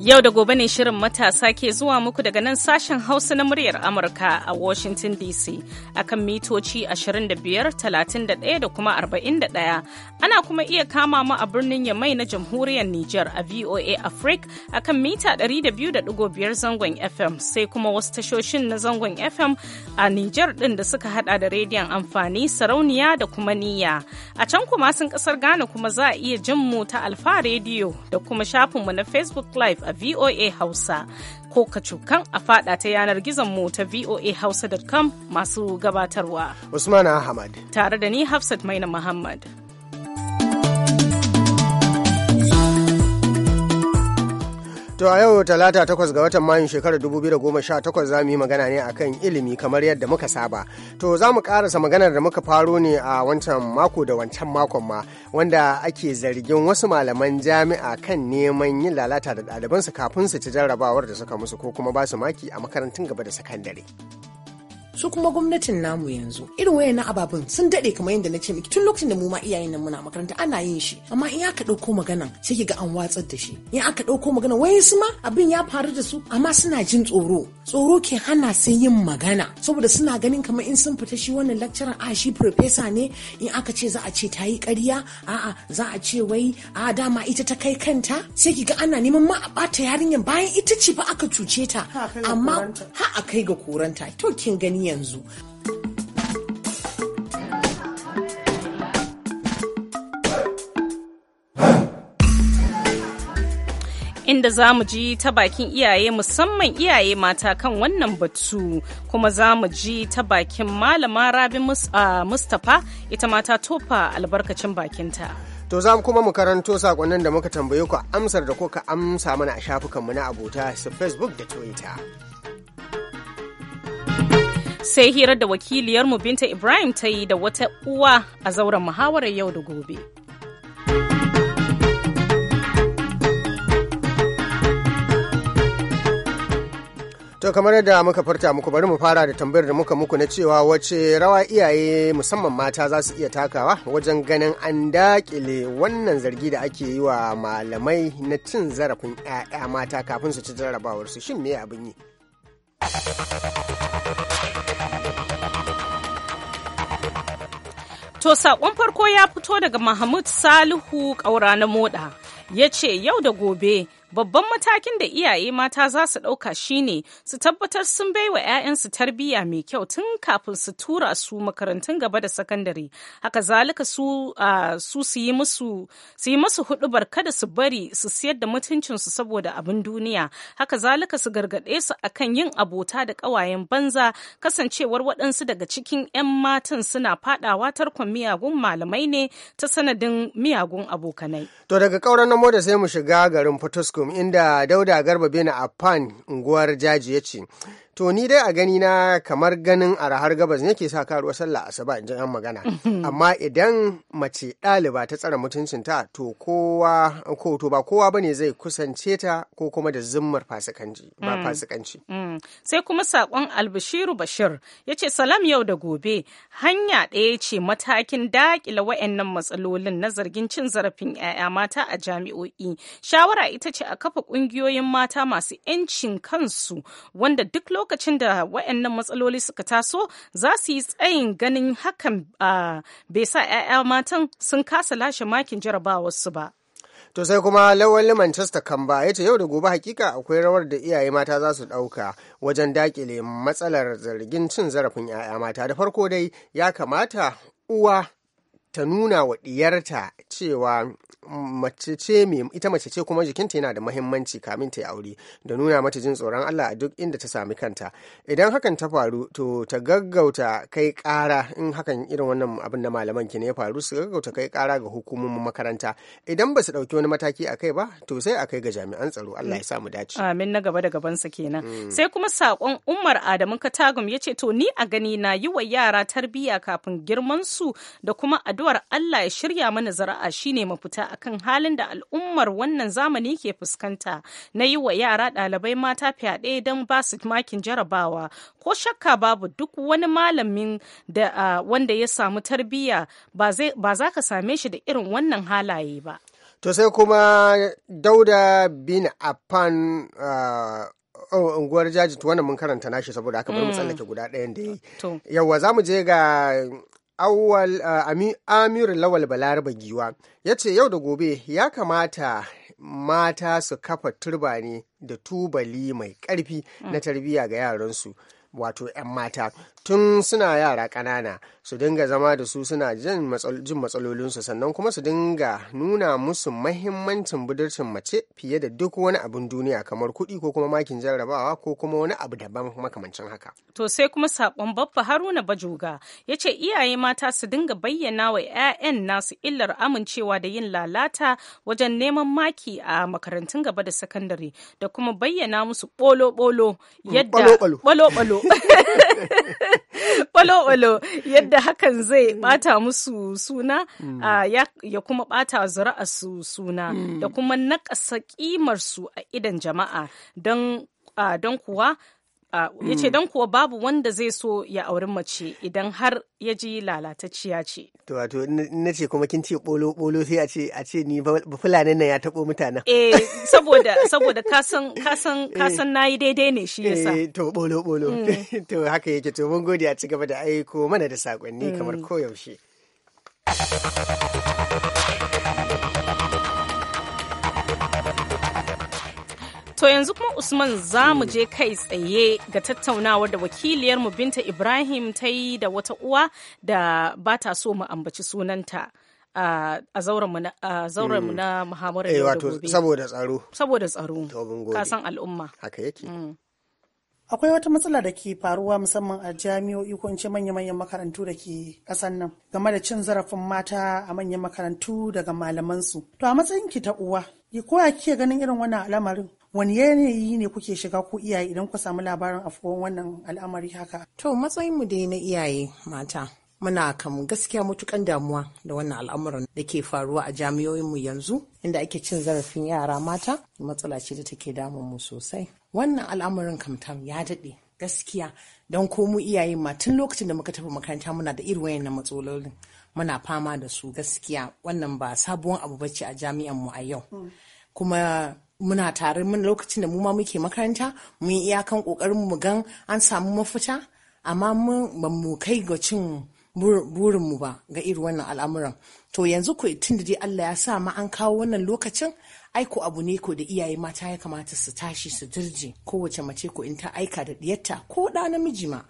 Yau da gobe ne shirin matasa ke zuwa muku daga nan sashen Hausa na muryar Amurka a Washington DC akan mitoci 25,31 da kuma 41. Ana kuma iya kama mu a birnin Yamai na Jamhuriyar Nijar a VOA Africa akan mita 200.5 zangon FM sai kuma wasu tashoshin na zangon FM a Nijar din da suka hada da rediyon amfani sarauniya da kuma niyya. A can kuma sun kasar Ghana kuma za a iya jin mu ta Alfa Radio da kuma shafinmu na Facebook Live a VOA Hausa ko ka cukan a fada ta yanar gizon mu ta VoA voahausa.com masu gabatarwa. Usman Ahmad. Tare da ni Hafsat Maina Muhammad. To a yau talata takwas ga watan Mayun shekarar 2018 za mu yi magana ne akan ilimi kamar yadda muka saba. To za mu karasa maganar da muka faro ne a wancan mako da wancan makon ma wanda ake zargin wasu malaman jami'a kan neman yin lalata da ɗalibansu kafin su ci jarrabawar da suka musu ko kuma ba su maki a makarantun gaba da sakandare. su kuma gwamnatin namu yanzu irin na ababen sun dade kamar yadda na ce miki tun lokacin da mu ma iyayen nan muna makaranta ana yin shi amma in aka dauko magana sai ki ga an watsar da shi in aka dauko magana su ma abin ya faru da su amma suna jin tsoro tsoro ke hana sai yin magana saboda suna ganin kamar in sun fita shi wannan lecturer a shi professor ne in aka ce za a ce ta yi ƙarya a'a za a ce wai a dama ita ta kai kanta sai ki ga ana neman ma a bata yarinyar bayan ita ce ba aka cuce ta amma ha a kai ga koranta to kin gani yanzu. inda za mu ji ta bakin iyaye musamman iyaye mata kan wannan batu kuma za mu ji ta bakin malama rabi mustapha ita mata tofa albarkacin bakinta to za mu kuma mu karanto sakonnin da muka tambaye ku amsar da kuka amsa mana a shafukanmu na abota su facebook da twitter sai hirar da wakiliyarmu binta ibrahim ta yi da wata uwa a zauren muhawarar yau da gobe To kamar yadda muka farta muku bari mu fara da tambayar da muka muku na cewa wace rawa iyaye musamman mata za su iya takawa wajen ganin an dakile wannan zargi da ake yi wa malamai na cin zarafin 'ya'ya mata kafin su ci jarrabawarsu shin me abin yi? To saƙon farko ya fito daga Mahmud Salihu ƙaura na moɗa ya ce yau da gobe babban matakin da iyaye mata za su ɗauka shine su tabbatar sun baiwa 'ya'yansu tarbiyya mai kyau tun kafin su tura su makarantun gaba da sakandare haka zalika su su yi musu su yi kada su bari su siyar da mutuncinsu saboda abin duniya haka zalika su gargaɗe su akan yin abota da ƙawayen banza kasancewar waɗansu daga cikin 'yan matan suna faɗawa tarkon miyagun malamai ne ta sanadin miyagun abokanai to daga ƙauran namo sai mu shiga garin Potosko alaikum inda Dauda Garba a pan unguwar Jaji ya ce to ni dai a gani na kamar ganin arahar gabas yake sa karuwa sallah asuba in ji yan magana amma idan mace ɗaliba ta tsara mutuncinta to kowa ko to ba kowa bane zai kusance ta ko kuma da zimmar fasikanci ba mm. fasikanci mm. sai kuma sakon albishiru bashir yace salam yau da gobe hanya ɗaya ce matakin dakila wayannan matsalolin na zargin cin zarafin 'ya'ya mata a jami'o'i shawara ita ce a kafa ƙungiyoyin mata masu 'yancin kansu wanda duk lokacin lokacin da waɗannan matsaloli suka taso za su yi tsayin ganin hakan bai sa 'ya'ya matan sun kasa lashe makin jarabawar su ba. to sai kuma lawalin manchester kan ya ce yau da gobe hakika akwai rawar da iyaye mata za su ɗauka wajen dakile matsalar zargin cin zarafin 'ya'ya mata da farko dai ya kamata uwa ta nuna wa ɗiyarta cewa mace ce ita mace ce kuma jikinta yana da mahimmanci kamin ta yi aure da nuna mata jin tsoron Allah a duk inda ta sami kanta idan hakan ta faru to ta gaggauta kai kara in hakan irin wannan abin da malaman ki ne ya faru su gaggauta kai kara ga hukumomin makaranta idan ba su ɗauki wani mataki a kai ba to sai a kai ga jami'an tsaro Allah ya sa mu dace amin na gaba da gabansa kenan hmm. sai kuma sakon Umar Adamu Katagum ya ce to ni a gani na yi wa yara tarbiyya kafin girman su da kuma a addu'ar Allah ya shirya mana zara'a shine mafita akan halin da al'ummar wannan zamani ke fuskanta na yi wa yara ɗalibai mata fyaɗe don ba su makin jarabawa ko shakka babu duk wani malamin da wanda ya samu tarbiyya ba za ka same shi da irin wannan halaye ba. To sai kuma Dauda bin Affan unguwar jaji wannan mun karanta nashi saboda aka bar mu mm. tsallake guda ɗayan da yi. Yawwa za mu je ga awwal Amir Lawal Balaraba Giwa ya ce yau da gobe ya kamata mata su kafa turba da tubali mai ƙarfi na mm. tarbiyya ga yaransu wato 'yan mata tun suna yara ƙanana su dinga zama da su suna jin matsalolinsu sannan kuma su dinga nuna musu mahimmancin budurcin mace fiye da duk wani abin duniya kamar kuɗi ko kuma makin jarrabawa ko kuma wani abu daban makamancin haka. To sai kuma saƙon baffa Haruna Bajoga ya ce iyaye mata su dinga bayyana wa 'ya'yan nasu illar amincewa da yin lalata wajen neman maki a makarantun gaba da sakandare da kuma bayyana musu bolo-bolo mm, yadda Walo-walo yadda hakan zai bata musu suna mm. ah, ya kuma bata zura'a su suna mm. da kuma naƙasa ƙimarsu a idan jama'a don ah, kuwa ya ce mm. don kuwa babu wanda zai so ya auri mace idan har ya ji lalatacciya ce. To wato na ce kuma kin ce bolo bolo sai a ce a ce ni fulanin nan ya tabo mutanen. Eh saboda saboda kasan kasan kasan eh. nayi daidai ne shi yasa. Eh to bolo bolo mm. to haka yake to mun gode a ci gaba da aiko mana da sakonni mm. kamar koyaushe. yanzu kuma Usman za mu je kai tsaye ga tattaunawar da wakiliyarmu Binta Ibrahim ta yi da wata uwa da ba ta so mu ambaci sunanta. a zauren na hmm. muhammadu eh, da gobe. Saboda tsaro. Saboda tsaro. Kasan al'umma. Haka yake. Hmm. akwai wata matsala da ke faruwa musamman a jami'o'i ko ce manya-manyan makarantu da ke kasan nan game da cin zarafin mata a manyan makarantu daga malamansu to a matsayin ki ta uwa ki koya kike ganin irin wannan al'amarin wani yanayi ne kuke shiga ko iyaye idan ku samu labarin afuwan wannan al'amari haka to matsayin mu dai na iyaye mata muna kan gaskiya matukan damuwa da wannan al'amuran da ke faruwa a jami'oyinmu yanzu inda ake cin zarafin yara mata matsala ce da take damun mu sosai wannan al'amarin kamtam ya daɗe gaskiya don ko mu iyaye ma tun lokacin da muka tafi makaranta muna da irin wayannan matsalolin muna fama da su gaskiya wannan ba sabuwan abu bace a jami'an mu a yau mm. kuma muna tare mun lokacin da mu ma muke makaranta mun iyakan kokarin mu gan an samu mafita amma mun ba mu kai ga cin burin mu ba ga irin wannan al'amuran to yanzu ko tun da dai Allah ya sa ma an kawo wannan lokacin aiko abu ne ko da iyaye mata ya kamata su tashi su dirje kowace mace ko in ta aika da diyarta ko da namiji ma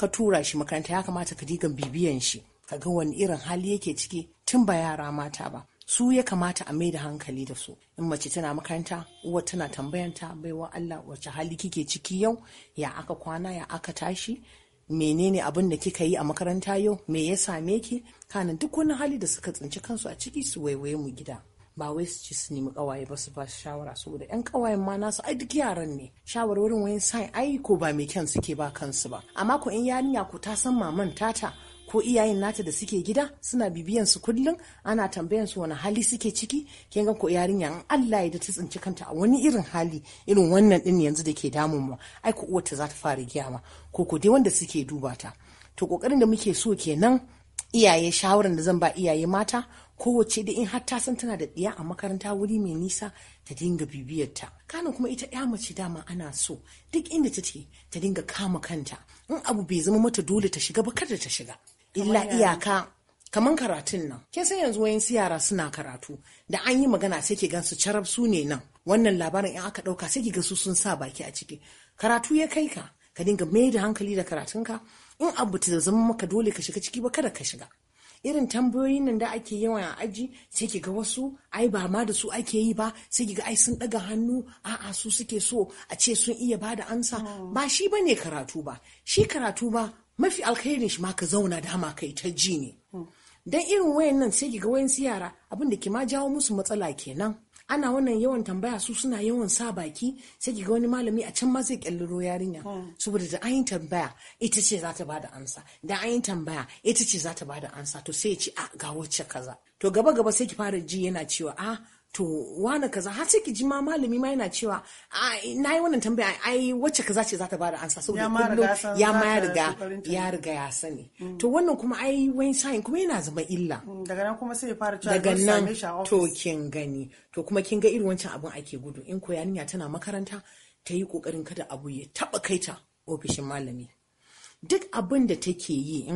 ka tura shi makaranta ya kamata ka digan bibiyan shi ka ga wani irin hali yake ciki tun ba yara mata ba su ya kamata a mai da hankali da su in mace tana makaranta uwa tana tambayanta baiwa Allah wace hali kike ciki yau ya aka kwana ya aka tashi menene abin da kika yi a makaranta yau me ya same ki kana duk wani hali da suka tsinci kansu a ciki su waiwaye mu gida ba wai su ci su nemi kawaye ba su ba su shawara saboda yan kawayen ma nasu ai duk yaran ne shawarwarin wayan sai ai ko ba mai kyan suke ba kansu ba amma ko in yarinya ku ta san maman tata ko iyayen nata da suke gida suna bibiyan su kullum ana tambayan su wani hali suke ciki kin ko yarinya an Allah ya da ta tsinci kanta a wani irin hali irin wannan din yanzu da ke damun mu ai ko uwarta za ta fara gyara ko ko dai wanda suke duba ta to kokarin da muke so kenan iyaye shawaran da zan ba iyaye mata kowace da in har ta san tana da ɗiya a makaranta wuri mai nisa ta dinga bibiyar ta kana kuma ita ya mace dama ana so duk inda ta ce ta dinga kama kanta in abu bai zama mata dole ta shiga ba kada ta shiga illa iyaka kaman karatun nan kin san yanzu wayan yara suna karatu da an yi magana sai ki gan su carab su ne nan wannan labarin in aka dauka sai ki ga su sun sa baki a ciki karatu ya kai ka ka dinga mai da hankali da karatunka in abu ta zama maka dole ka shiga ciki ba kada ka shiga irin tambayoyin nan da ake yawan a aji sai ki ga wasu ai ba ma da su ake yi ba sai ki ga ai sun daga hannu a'a su suke so a ce sun iya ba da ansa oh. ba shi ba ne karatu ba shi karatu ba mafi alkhairin shi ma ka zauna dama kai ta ji ne dan irin wayannan sai ki ga wayan yara abin da ke ma jawo musu matsala kenan ana wannan yawan tambaya su suna yawan sa baki sai ki ga wani malami a can ma zai kyalliro yarinya hmm. saboda da an yi tambaya ita ce za ta bada amsa da an yi tambaya ita ce za ta da amsa to sai ya ce a ah, ga wacce kaza to gaba gaba sai ki fara ji yana cewa a ah, to wani kaza har sai ki ji ma malami ma yana cewa na yi wannan tambaya ai wacce kaza ce za ta bada ansa saboda kullum ya ma riga ya riga ya sani mm. to wannan kuma ai wani sa'in kuma yana zama illa mm, daga nan kuma sai ya fara cewa daga nan to kin gani to kuma kin ga irin wancan abin ake gudu in ko yarinya tana makaranta ta yi kokarin kada abu ya taba kaita ofishin malami duk abin da take yi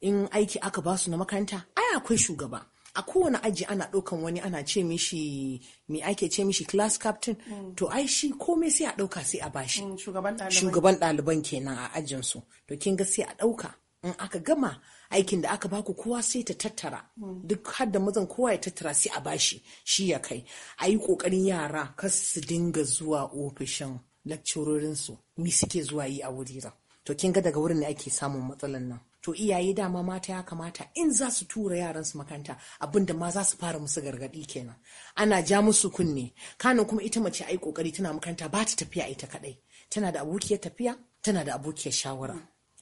in aiki aka basu na makaranta ai akwai shugaba a kowane aji ana ɗaukan wani ana ce mishi me ake ce mishi class captain mm. to ai shi komai sai a ɗauka sai a bashi mm, shugaban ɗaliban kenan a ajinsu to kin ga sai a ɗauka in aka gama aikin da aka baku kowa sai ta tattara mm. duk har da mazan kowa ya tattara sai a bashi shi ya kai a yi ƙoƙarin yara kar su dinga zuwa ofishin lakcurorinsu mi suke zuwa yi a wurira to kin ga daga wurin ne ake samun matsalan nan to iyaye dama mata ya kamata in za su tura yaran su makaranta abinda ma za su fara musu gargadi kenan ana ja musu kunne kano kuma ita mace ai kokari tana makaranta ba ta tafiya ita kadai tana da abokiyar tafiya tana da abokiyar shawara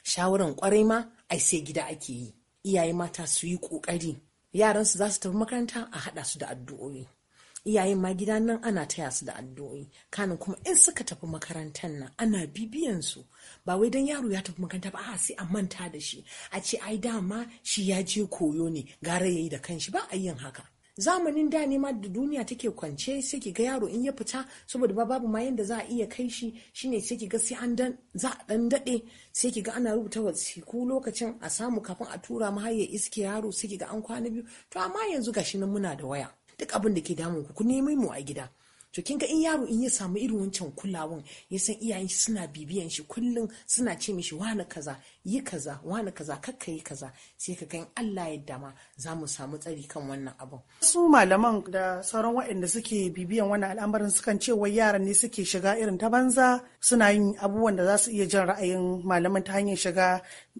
shawaran kwarai ma ai sai gida ake yi iyaye mata su yi kokari yaran su za su tafi makaranta a hada su da addu'o'i iyayen ma gidan nan ana taya su da addu'o'i kanin kuma in suka tafi makarantar nan ana bibiyan su ba wai dan yaro ya tafi makaranta ba a sai a manta da shi a ce ai dama shi ya je koyo ne gara yayi da kanshi ba a yin haka zamanin da ne ma da duniya take kwance sai ki ga yaro in ya fita saboda ba babu ma yanda za a iya kai shi shine sai ki ga sai an dan za a dan dade sai ki ga ana rubuta wasiku lokacin a samu kafin a tura ma har ya iske yaro sai ki ga an kwana biyu to amma yanzu gashi nan muna da waya duk abin da ke damun ku ku nemi mu a gida to kin ga in yaro in ya samu irin wancan kulawan ya san iyayen shi suna bibiyan shi kullum suna ce mishi wani kaza yi kaza wani kaza kakka yi kaza sai ka gan Allah ya dama za mu samu tsari kan wannan abun su malaman da sauran waɗanda suke bibiyan wannan al'amarin sukan ce wai yaran ne suke shiga irin ta banza suna yin abubuwan da za su iya jin ra'ayin malaman ta hanyar shiga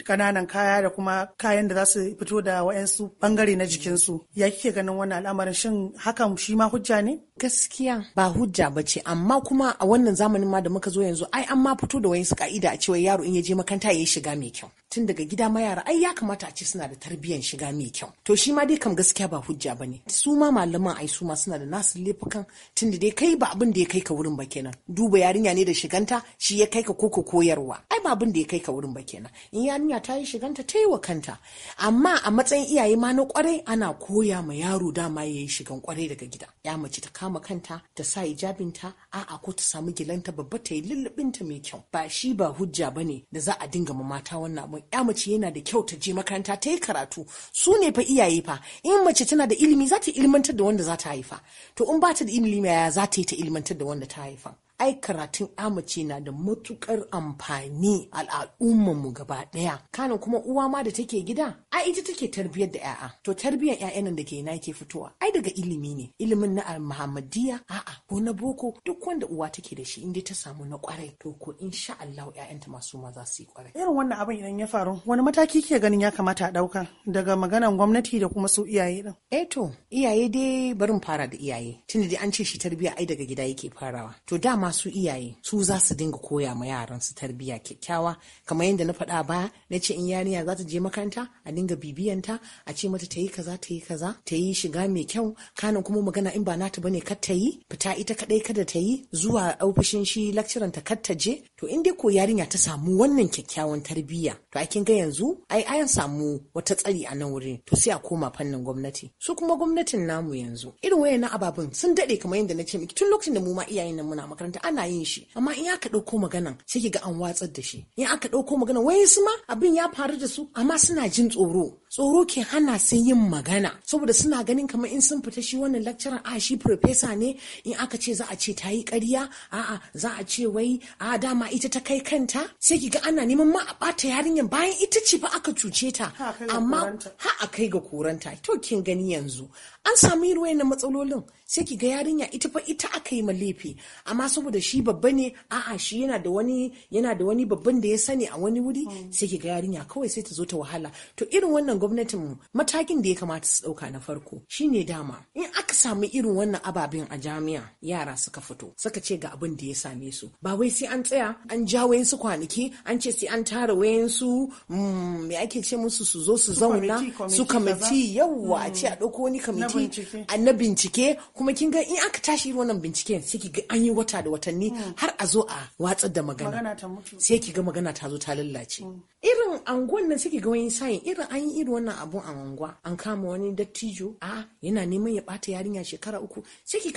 kananan kaya da kuma kayan da za su fito da wa'yansu bangare na jikinsu ya kike ganin wannan al'amarin shin hakan shi ma hujja ne gaskiya ba ba hujja ba ce amma kuma a wannan zamanin ma da muka zo yanzu ai an ma fito da wayansu ka'ida a cewa yaro in ya je makaranta ya shiga mai kyau tun daga gida ma yara ai ya kamata a ce suna da tarbiyyar shiga mai kyau to shi ma dai kam gaskiya ba hujja ba ne su ma malaman ai su ma suna da nasu laifukan tun da dai kai ba abin da ya kai ka wurin ba kenan duba yarinya ne da shiganta shi ya kai ka koko koyarwa ai ba abin da ya kai ka wurin ba kenan in yarinya ta yi shiganta ta yi wa kanta amma a matsayin iyaye ma na kwarai ana koya ma yaro dama ya yi shigan kwarai daga gida ya mace ta kama kanta ta sa hijabinta a'a ko ta samu gilanta babba ta yi lullubinta mai kyau ba shi ba hujja ba ne da za a dinga ma mata wannan mu ya mace yana da kyau ta je makaranta ta yi karatu su ne fa iyaye fa in mace tana da ilimi za ta ilmantar da wanda za ta haifa to in ba ta da ilimi ya za ta yi ta ilmantar da wanda ta haifa ai karatun amace na da matukar amfani al'ummar mu gaba daya kanin kuma uwa ma da take gida ai ita take tarbiyar da 'ya'ya to tarbiyyar 'ya'yan nan da ke na yake fitowa ai daga ilimi ne ilimin na muhammadiya a'a ko na boko duk wanda uwa take da shi inda ta samu na kwarai to ko insha Allah 'ya'yanta masu ma za su yi kwarai irin wannan abin idan ya faru wani mataki ke ganin ya kamata a dauka daga maganan gwamnati da kuma su iyaye din eh to iyaye dai barin fara da iyaye tunda dai an ce shi tarbiyya ai daga gida yake farawa to dama masu iyaye su za su dinga koya ma yaran su tarbiyya kyakkyawa kamar yadda na faɗa ba na ce in yarinya za ta je makaranta a dinga bibiyan ta a ce mata ta yi kaza ta yi kaza ta yi shiga mai kyau kanan kuma magana in ba nata bane kar ta yi fita ita kadai kada ta yi zuwa ofishin shi lecturer ta kar ta je to in dai ko yarinya ta samu wannan kyakkyawan tarbiyya to a ga yanzu ai an samu wata tsari a nan wurin to sai a koma fannin gwamnati su kuma gwamnatin namu yanzu irin wayannan ababen sun daɗe kamar yadda na ce miki tun lokacin da mu ma iyayen nan muna makaranta kanta ana yin shi amma in aka ɗauko maganan sai ki ga an watsar da shi in aka ɗauko maganan wayansu ma abin ya faru da su amma suna jin tsoro tsoro ke hana su yin magana saboda suna ganin kamar in sun fita shi wannan lecturer a ah, shi professor ne in aka ce za a ce ta yi ƙarya a'a za a ce wai a ah, dama ita ta kai kanta sai ki ga ana neman ma a bata yarinyar bayan ita ce fa aka cuce ta amma ha a kai ga koranta to kin gani yanzu an samu ruwa na matsalolin sai ki ga yarinya ita fa ita aka yi malefe amma saboda shi babba ne a'a shi yana da wani yana da wani babban da ya sani a wani wuri hmm. sai ki ga yarinya kawai sai ta zo ta wahala to irin wannan mu matakin da ya kamata su ɗauka na farko shine dama in aka samu irin wannan ababen a jami'a yara suka fito suka ce ga abin da ya same su ba wai sai an tsaya an ja wayansu kwanaki an ce sai an tara wayansu mm, me ake ce musu su zo su zauna su kamati yawwa a ce a mm. ɗauko wani kamiti na bincike kuma kin ga in aka tashi irin wannan binciken sai ki ga an yi wata da watanni mm. har a zo a watsar da magana sai ki ga magana ta zo ta lallace irin anguwan nan sai ki ga wani sayin irin an yi da wannan abun a wangwa an kama wani dattijo a ah, yana neman ya bata yarinya shekara uku sai ki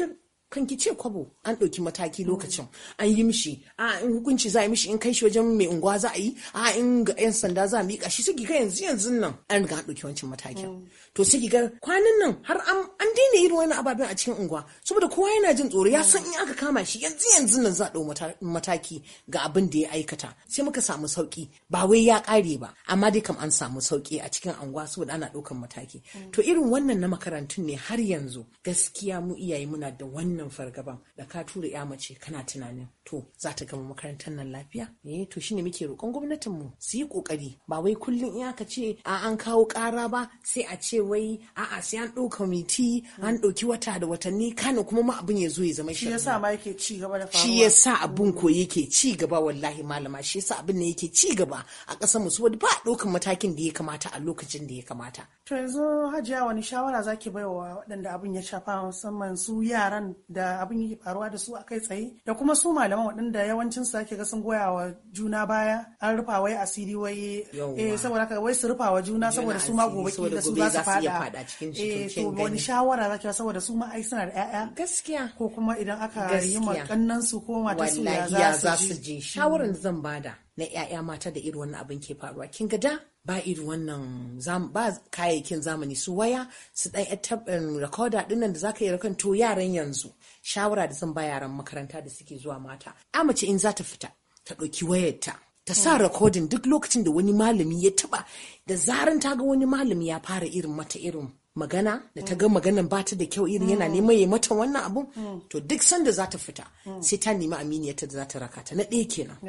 kan ki ce kwabo an ɗauki mataki lokacin an yi mishi a in hukunci za a yi mishi in kai shi wajen mai unguwa za a yi a in ga yan sanda za a miƙa shi sai ga yanzu yanzu nan an riga an ɗauki wancan matakin mm. to sai ga kwanan nan har an daina irin wani ababen a cikin unguwa saboda kowa yana jin tsoro ya san in aka kama shi yanzu yanzu nan za a ɗau mataki ga abin da ya aikata sai muka samu sauki ba wai ya ƙare ba amma dai kam an samu sauki a cikin unguwa saboda ana ɗaukan mataki mm. to irin wannan na makarantun ne har yanzu gaskiya mu iyaye muna da wannan wannan fargaban da ka tura ya mace kana tunanin to za ta gama makarantar nan lafiya eh to shine muke roƙon gwamnatin mu su yi kokari ba wai kullum in aka ce a an kawo ƙara ba sai a ce wai a'a sai an ɗauka miti an ɗauki wata da watanni kana kuma ma abin ya zo ya zama shi yasa ma yake ci gaba da faruwa shi yasa abin ko yake ci gaba wallahi malama shi yasa abin ne yake ci gaba a ƙasar mu saboda ba ɗaukan matakin da ya kamata a lokacin da ya kamata to yanzu hajiya wani shawara zaki bai wa waɗanda abin ya shafa musamman su yaran da abin yake faruwa da su a kai tsaye da kuma su malama malaman waɗanda yawancin su ake ga sun goya wa juna baya an rufa wai asiri wai eh saboda haka wai su rufa wa juna saboda su ma gobe ke da su za su fada eh to wani shawara zaki ba saboda su ma ai suna da ƴaƴa gaskiya ko kuma idan aka yi ma kannan su ko mata su ya za su ji shawaran da zan bada na ƴaƴa mata da irin wannan abin ke faruwa kin ga da ba irin wannan ba kayayyakin zamani su waya su ɗan recorder ɗinnan da zaka yi rakan to yaran yanzu shawara da zan ba yaran makaranta da suke zuwa mata a mace in za ta fita ta ɗauki wayarta ta sa hmm. rikodin duk lokacin da wani malami ya taba da zaran ta ga wani malami ya fara irin mata irin magana da ta ga hmm. maganan ba ta da kyau irin yana hmm. neman ya mata wannan abun to duk sanda za ta fita sai ta nemi aminiyarta da za ta raka ta na ɗaya kenan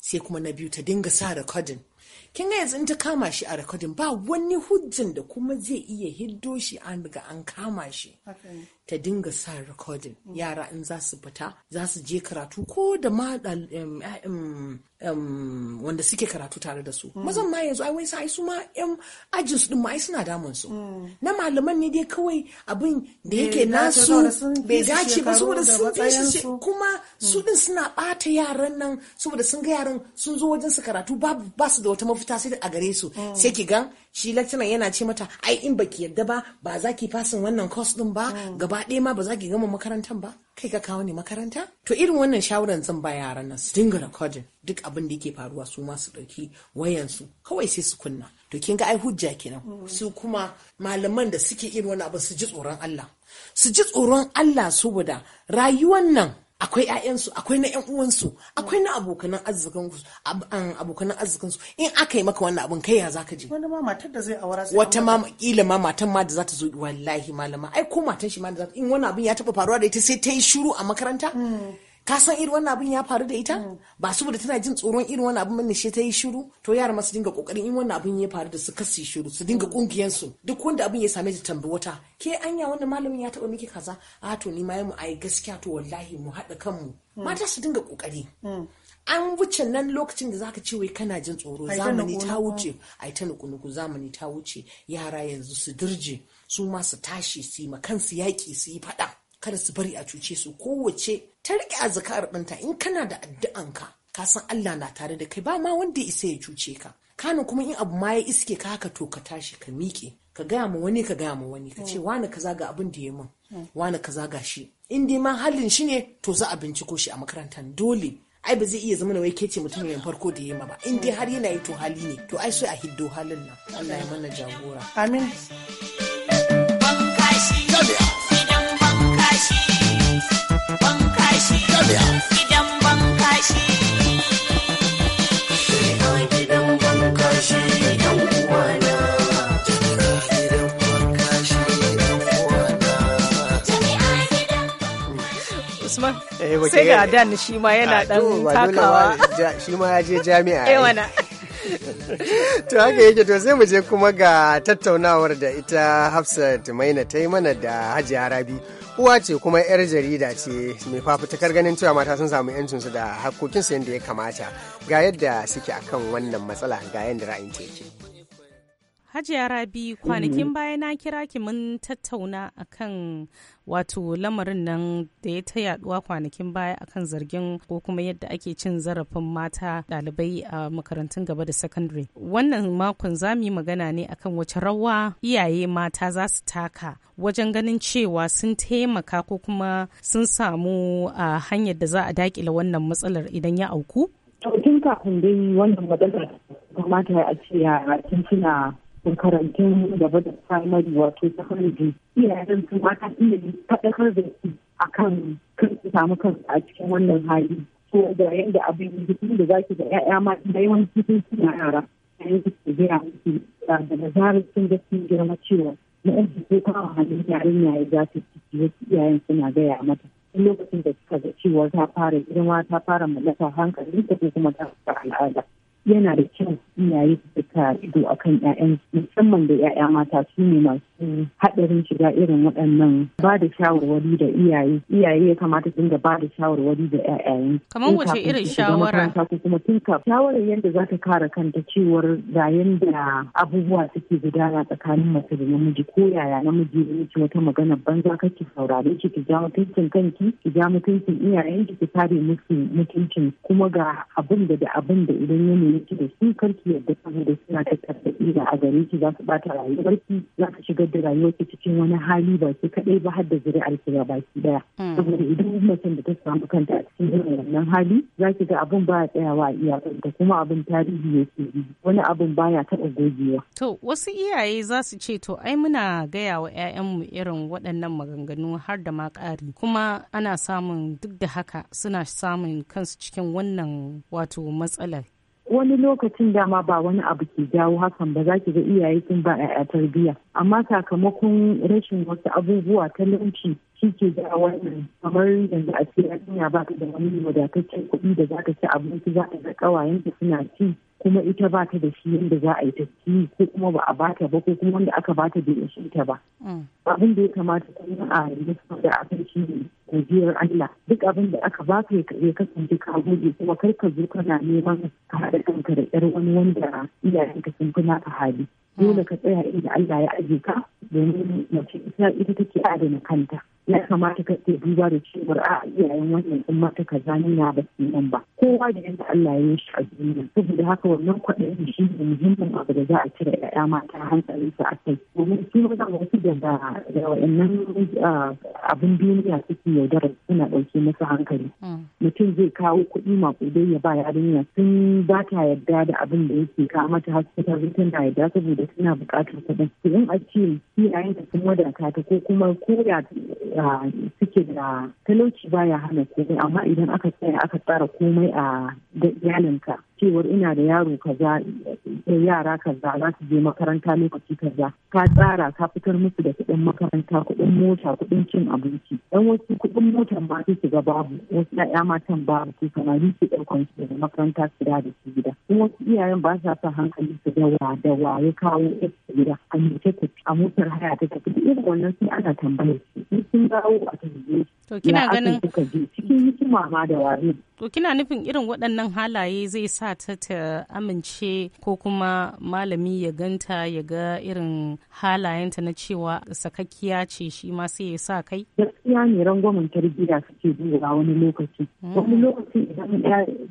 sai kuma na biyu ta dinga sa rikodin kin ga yanzu in ta kama shi a rikodin ba wani hujjan da kuma zai iya hiddo shi an ga an kama shi ta dinga sa recording yara in za su fita za su je karatu ko da ma wanda suke karatu tare da su mazan ma yanzu ai wai sai su ma yan ajin su ma ai suna damun su na malaman ne dai kawai abin da yake nasu bai dace ba saboda sun fi kuma su din suna bata yaran nan saboda sun ga yaran sun zo wajen su karatu ba su da wata mafita sai a gare su mm. sai ki ga shi lecturer yana ce mata ai in baki yadda ba ba za ki fasin wannan course din ba mm. gaba gaba ɗaya ma ba za ki gama makarantar ba kai ka kawo ne makaranta to irin wannan shawaran zan ba yaran nan su dinga recording duk abin da yake faruwa su ma su ɗauki wayansu kawai sai su kunna to kin ga ai hujja kenan su kuma malaman da suke irin wani abin su ji tsoron Allah su ji tsoron Allah saboda rayuwar nan akwai ƴaƴansu akwai na ƴan uwansu akwai na abokanan arzikin in aka yi maka wannan abin kai ya zaka je wani ma matar da zai aura sai wata ma kila ma matan ma da za ta zo wallahi malama ai ko matan shi ma da za ta in wani abin ya taba faruwa da ita sai ta yi shiru a makaranta hmm. ka san irin wannan abin ya faru da ita mm. ba saboda tana jin tsoron irin wannan abin ne shi ta yi shiru to yara masu dinga kokarin in wannan abin ya faru da su kasu shiru su dinga kungiyan mm. su duk wanda abin ya same ta tambi wata ke anya wannan malamin ya taba miki kaza a to ni ma mu yi gaskiya to wallahi mu haɗa kanmu mm. mata su dinga kokari an wuce nan lokacin da zaka ce wai kana jin tsoro zamani ta wuce ai ta nuku zamani ta wuce yara yanzu su dirje su ma su tashi su yi ma kansu yaƙi su yi faɗa kada su bari a cuce su kowace ta rike azzakar ɗinta in kana da addu'anka ka san Allah na tare da kai ba ma wanda isa ya cuce ka kano kuma in abu ma ya iske ka haka to ka tashi ka miƙe ka gaya ma wani ka gaya ma wani ka ce wani kaza ga abin da ya min wani kaza ga shi in dai ma halin shi ne to za a binciko shi a makaranta dole ai ba zai iya zama na wai ce mutum ne farko da yema ba in dai har yana yi to hali ne to ai sai a hiddo halin nan Allah ya mana jagora amin Aliya. Eh, sai ga Dan shi ma yana ah, dan takawa. Shi ma ya je jami'a. Eh, eh. to haka yake to sai mu je kuma ga tattaunawar da ita Hafsat Maina ta yi mana da Hajiya Rabi. uwa ce kuma 'yar jarida ce mai fafutukar ganin cewa mata sun samu 'yancinsu da hakokinsu yadda ya kamata ga yadda suke akan wannan matsala ga yadda ra'ayin teke. Hajiya Rabi mm. kwanakin baya na kira ki mun tattauna akan wato lamarin nan da ya ta yaduwa kwanakin baya akan zargin ko kuma yadda ake cin zarafin mata ɗalibai a makarantun gaba da secondary. Wannan makon za mu yi magana ne akan wace rawa iyaye mata za su taka wajen ganin cewa sun taimaka ko kuma sun samu a hanyar da za a daƙile wannan matsalar idan ya auku. Tun kafin dai wannan matsalar kamata a ce yara tun suna makarantun gaba da primary wato ta secondary iyayen su mata iya faɗakar da su a kan su samu kansu a cikin wannan hali ko da yadda abin jikin da za ki ga 'ya'ya ma da yawan sun suna yara yayin da su gaya da ah, da zarar sun ga sun girma cewa na yanzu ko kawo hannun yarinya ya za su ciki wasu iyayen suna gaya mata lokacin da suka ga cewa ta fara girma ta fara mallaka hankali ko kuma ta fara al'ada yana da kyau iyaye su duka ido a kan 'ya'yan musamman da 'ya'ya mata su ne masu haɗarin shiga irin waɗannan ba da shawarwari da iyaye iyaye ya kamata su ba da shawarwari da 'ya'yayen kamar wace irin shawara ko kuma tun shawarar yadda za ta kare kanta cewar ga yadda abubuwa suke gudana tsakanin mace da namiji ko yaya namiji ya ce wata magana banza kake saurare ki ki ja mutuncin kanki ki ja mutuncin iyayenki ki kare musu mutuncin kuma ga abin da da abin da idan yanayi yake da su karki yadda da suna tattara da a gare ki za su bata ki za su shigar da rayuwar ki cikin wani hali ba su kadai ba har da zuri'ar ki ba ki daya hmm. saboda idan mutum da ta samu kanta a cikin irin wannan hali za ki ga abin ba tsayawa a da kuma abin tarihi yake yi wani abin baya taɓa gogewa. To wasu iyaye za su ce to ai muna gaya wa 'ya'yanmu irin waɗannan maganganu har da ma ƙari kuma ana samun duk da haka suna samun kansu cikin wannan wato matsalar wani lokacin dama ba wani abu ke jawo hakan ba za ki ga iyaye sun ba 'ya'ya tarbiyya amma sakamakon rashin wasu abubuwa ta la'unci shi da wannan kamar yanzu a ce yarinya ba ta da wani wadataccen kuɗi da za ta ci abinci za ta ga ƙawayenta suna ci kuma ita ba ta da shi yadda za a yi ta ci ko kuma ba a ba ta ba ko kuma wanda aka ba ta bai shi ta ba. Mm. Abin da ya kamata kuma a yanzu da aka shi ne godiyar Allah duk abin da aka ba ka ya kasance ka gode kuma kar ka zo kana neman ka haɗa kanka da ƴar wani wanda ka sun fi ka hali. Mm. Dole ka tsaya inda Allah ya aje ka domin mace ita take adana kanta. ya kamata ka ke duba da cewar a iyayen wannan din mata kaza na ba su nan ba kowa da yadda Allah ya yi shi a duniya saboda haka wannan kwaɗayin shi ne muhimmin abu da za a cire ƴaƴa mata hankalin su a kai domin su wasu da da wa'annan abin duniya suke yaudara suna ɗauke musu hankali mm. mutum zai kawo kuɗi maƙudai ya ba yarinya sun ba ta yarda da abin da yake kawo mata haskutar rutun da yarda saboda suna buƙatar kuɗin in a ce iyayen sun wadata ta ko kuma koya suke da talauci baya hana komai amma idan aka tsaya aka tsara komai a da iyalinka cewar ina da yaro kaza yara kaza za su je makaranta lokaci kaza ka tsara ka fitar musu da kuɗin makaranta kuɗin mota kuɗin cin abinci dan wasu kuɗin motan ma su shiga babu wasu ƴaƴa matan babu su samari su ɗaukan su daga makaranta su da su gida kuma wasu iyayen ba sa sa hankali su dawa dawa ya kawo su gida a mutar motar haya ta tafi irin wannan sai ana tambayar su sun dawo a talabijin To kina ganin da cikin ma To kina nufin irin waɗannan halaye zai sa ta ta amince ko kuma malami ya ganta ya ga irin halayenta na cewa sakakkiya ce shi ma sai ya sa kai? Gaskiya ne rangwamen tarbiyya suke duba wani lokaci. Hmm. Wani lokaci idan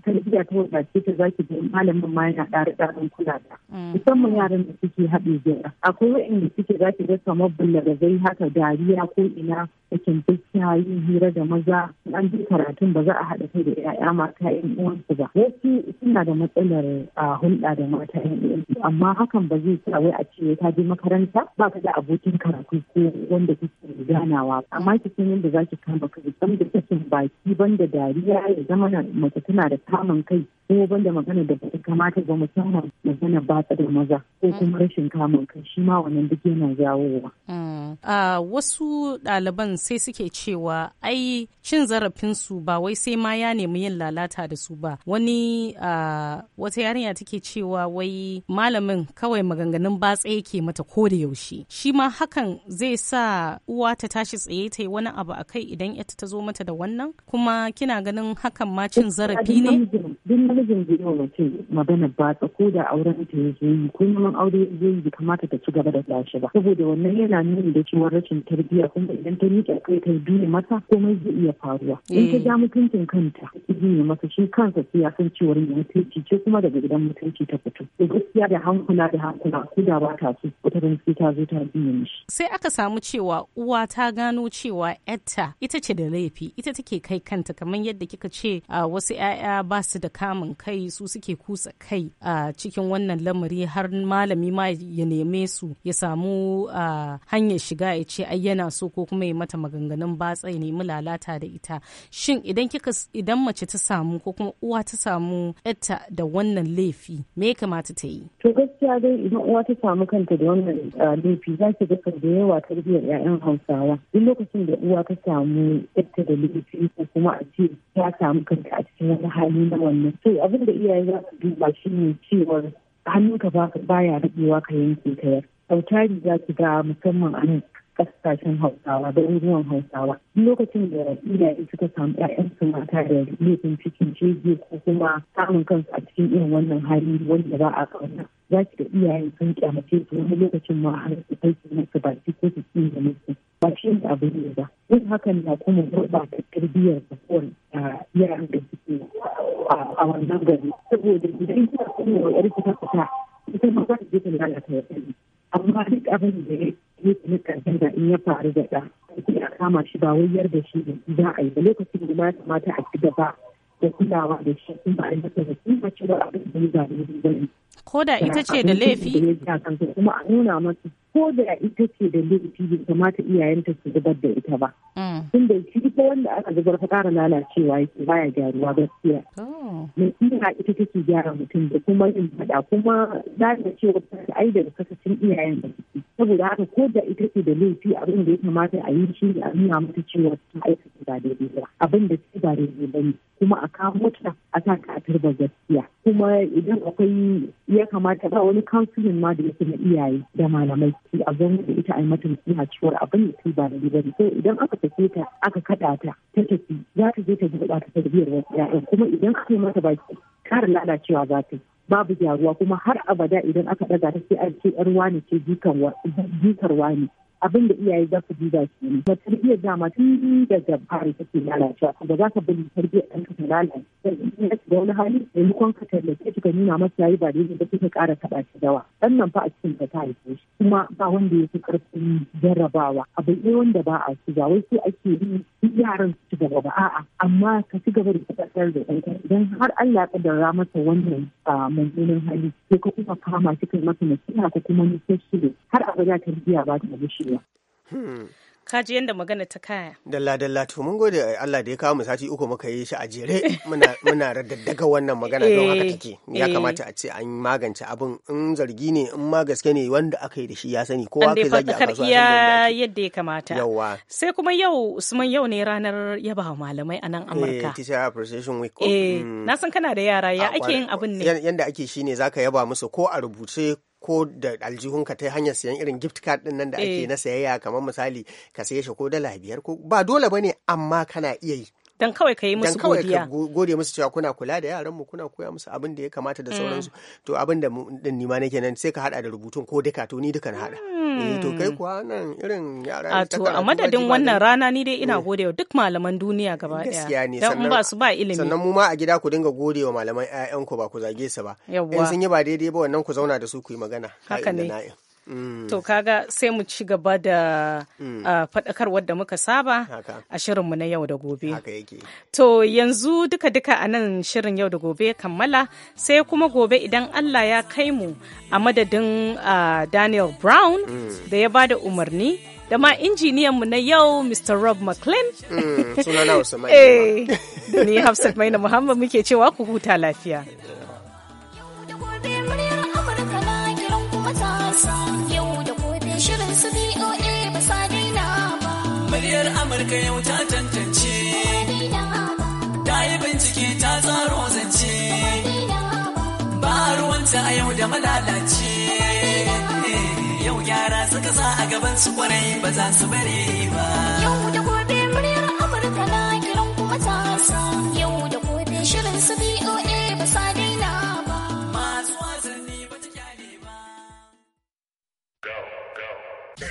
tarbiyya ta wadace ta zaki ga malamin ma yana ɗari ɗarin kula da. Hmm. Musamman yaran da suke haɗe jera. Akwai waɗanda suke zaki ga kamar bulla da zai haka dariya ko ina cikin duk yayin hira da maza an ji karatun ba za a haɗa kai da 'ya'ya mata 'yan uwansu ba wasu suna da matsalar hulɗa da mata 'yan uwansu amma hakan ba zai sa wai a ce ta je makaranta ba ka da abokin karatu ko wanda kuke ganawa amma ki san yadda za ki kama kai ban da kashin baki banda dariya ya zama mace tana da kamun kai ko ban da magana da bata kamata ba musamman magana ba da maza ko kuma rashin kamun kai shi ma wannan duk yana jawowa. Mm. a wasu ɗaliban sai suke cewa ai cin zarafinsu ba wai sai ma ya nemi yin lalata da su ba wani wata yarinya take cewa wai malamin kawai maganganun batsa yake mata ko da yaushe shi ma hakan zai sa uwa ta tashi tsaye ta yi wani abu a kai idan ita ta zo mata da wannan kuma kina ganin hakan ma cin zarafi ne duk namijin yi mace ko aure zai yi kamata ta ci gaba da tashi ba saboda wannan yana nuni da kasancewar rashin tarbiyya kuma idan ta miƙe kai ta biye mata komai zai iya faruwa in ta eh. ja mutuncin kanta biye masa shi kansa sai ya san cewar mai mutunci ce kuma daga gidan mutunci ta fito da gaskiya da hankula da hankula ko da ba ta so ta ran sai ta zo ta biye mishi sai aka samu cewa uwa ta gano cewa yarta ita ce da laifi ita take kai kanta kamar yadda kika ce wasu 'ya'ya ba su da kamun kai su suke kusa kai a cikin wannan lamari har malami ma ya neme su ya samu hanyar shiga ya ce ai yana so ko kuma ya mata maganganun batsai ne mu lalata da ita shin idan kika idan mace ta samu ko kuma uwa ta samu yatta da wannan laifi me ya kamata ta yi to gaskiya dai idan uwa ta samu kanta da wannan ah, laifi za ki ga da yawa tarbiyyar 'ya'yan hausawa duk lokacin da uwa ta samu yatta da laifi ko kuma a ce ta samu kanta a cikin wani hali na wannan to abin da iyaye za su duba shi ne cewar hannunka baya daɗewa ka yanke tayar. yar sautari za ki ga musamman a nan kasashen hausawa da ruwan hausawa lokacin da iyaye suka samu su mata da laifin cikin jeji ko kuma samun kansu a cikin irin wannan hali wanda ba a kauna za ki ga iyayen sun kyamace su wani lokacin ma har su kai su baki ko su ci da musu ba shi ne abu ne ba yin hakan na kuma gurɓata tarbiyyar da kowane yaran da suke a wannan gari saboda idan kina kuma wa ƙarfi ta fita ita ma za ta je ta lalata ya amma duk abin da ya yi na da in ya faru da ɗa a kama shi ba wayar da shi ne za a yi da lokacin da ma mata a ci gaba da kulawa da shi in ba a yi masa da kuma ba abin da ya zaɓi da Ko da ita ce da laifi? Kuma a nuna masa ko da ita ce da laifi bai kamata iyayenta su zubar da ita ba. Mm. da shi ita wanda aka zubar ta ƙara lalacewa yake baya gyaruwa gaskiya. Oh. Mai iya ita take gyara mutum da kuma yin faɗa kuma za ta ce wata ai daga kasashen iyayen da Saboda haka ko da ita ce da laifi abin da ya kamata a yi shi a nuna mata cewa ta aikata ba daidai ba. Abin da ta ba daidai ba ne kuma a kawo ta a sa ka a gaskiya. Kuma idan akwai ya kamata ba wani kansulin ma da ya na iyaye da malamai. a zo da ita a yi mata nasiha cewar abin da ta ba da bane sai idan aka sake ta aka kada ta ta tafi za ta je ta ji ta tarbiyyar wasu ya'yan kuma idan aka yi mata ba ki kara lalacewa za ta yi babu gyaruwa kuma har abada idan aka ɗaga ta sai a ce ƴar wani ce jikar wani abin da iyaye za su duba shi ne ba tarbiyyar dama tun daga fari take lalacewa ba za ka bari tarbiyyar ɗanka ta lalace da wani hali maimakon ka tallace ka nuna masa yayi ba daidai ba kika ƙara taɓa shi dawa ɗan nan fa a cikin ka ta haife shi kuma ba wanda ya fi ƙarfin jarrabawa abu ɗaya wanda ba a su ba wai sai ake yi yaran su ci gaba ba a'a amma ka ci gaba da tabbatar da ɗanka idan har Allah ya kaddara masa wannan mummunan hali sai ka kuma kama shi kai masa nasiha ko kuma nufar shi har abada tarbiyya ba ta bushe ba. Hmm. ka ji yadda magana ta kaya. Dalla dalla to mun gode Allah da ya kawo mu sati uku muka yi shi a jere muna muna daga wannan magana don haka eh, take ya eh. kamata a ce an magance abin in zargi ne in ma gaske ne wanda aka yi da shi ya sani kowa kai zagi a kasuwa ya yadda ya kamata. Yawwa. Sai kuma yau Usman yau ne ranar yaba malamai a nan Amurka. Eh Teacher Appreciation Week. Oh. Eh hmm. na san kana da yara ya ake yin abin ne. Yanda ake shine zaka yaba musu ko a rubuce ko da aljihunka ta hanyar siyan irin gift card din nan da ake eh. na sayayya kamar misali ka saye shi ko dala biyar ko ba dole bane amma kana iya yi dan kawai ka yi musu godiya dan kawai gode musu cewa kuna kula da yaran mu kuna koya musu abin da ya kamata da mm. sauransu to abin da din nima nake nan sai ka hada da rubutun ko duka to ni duka na hada mm. eh, to kai kuwa nan irin yara ta to a madadin wannan rana ni dai ina eh. gode wa duk malaman duniya gaba daya gaskiya ne sannan ba su ba ilimi sannan mu ma a gida ku dinga gode wa malaman ƴaƴanku ba ku zage su ba in sun yi ba daidai ba wannan ku zauna da su ku yi magana haka ne Mm. to kaga sai mu ci gaba da mm. ah, faɗakarwar da muka saba a shirinmu na yau da gobe to yanzu duka-duka a nan shirin yau da gobe kammala sai kuma gobe idan allah ya kai mu a madadin ah, daniel brown mm. da ya bada umarni da ma mu na yau Mr. Rob McLean. Sunana Usman. Eh, ni Hafsat Maina Muhammad muke cewa ku huta lafiya. Yau da gobe shirin su BOA ba sa daina ba. Muryar Amurka yau ta tantance. Ta yi bincike ta tsaro zance. Ba ruwanta a yau da malalace. Yau gyara suka sa a gaban su kwarai ba za su bare ba. Yau da gobe muryar Amurka na kiran kuma ta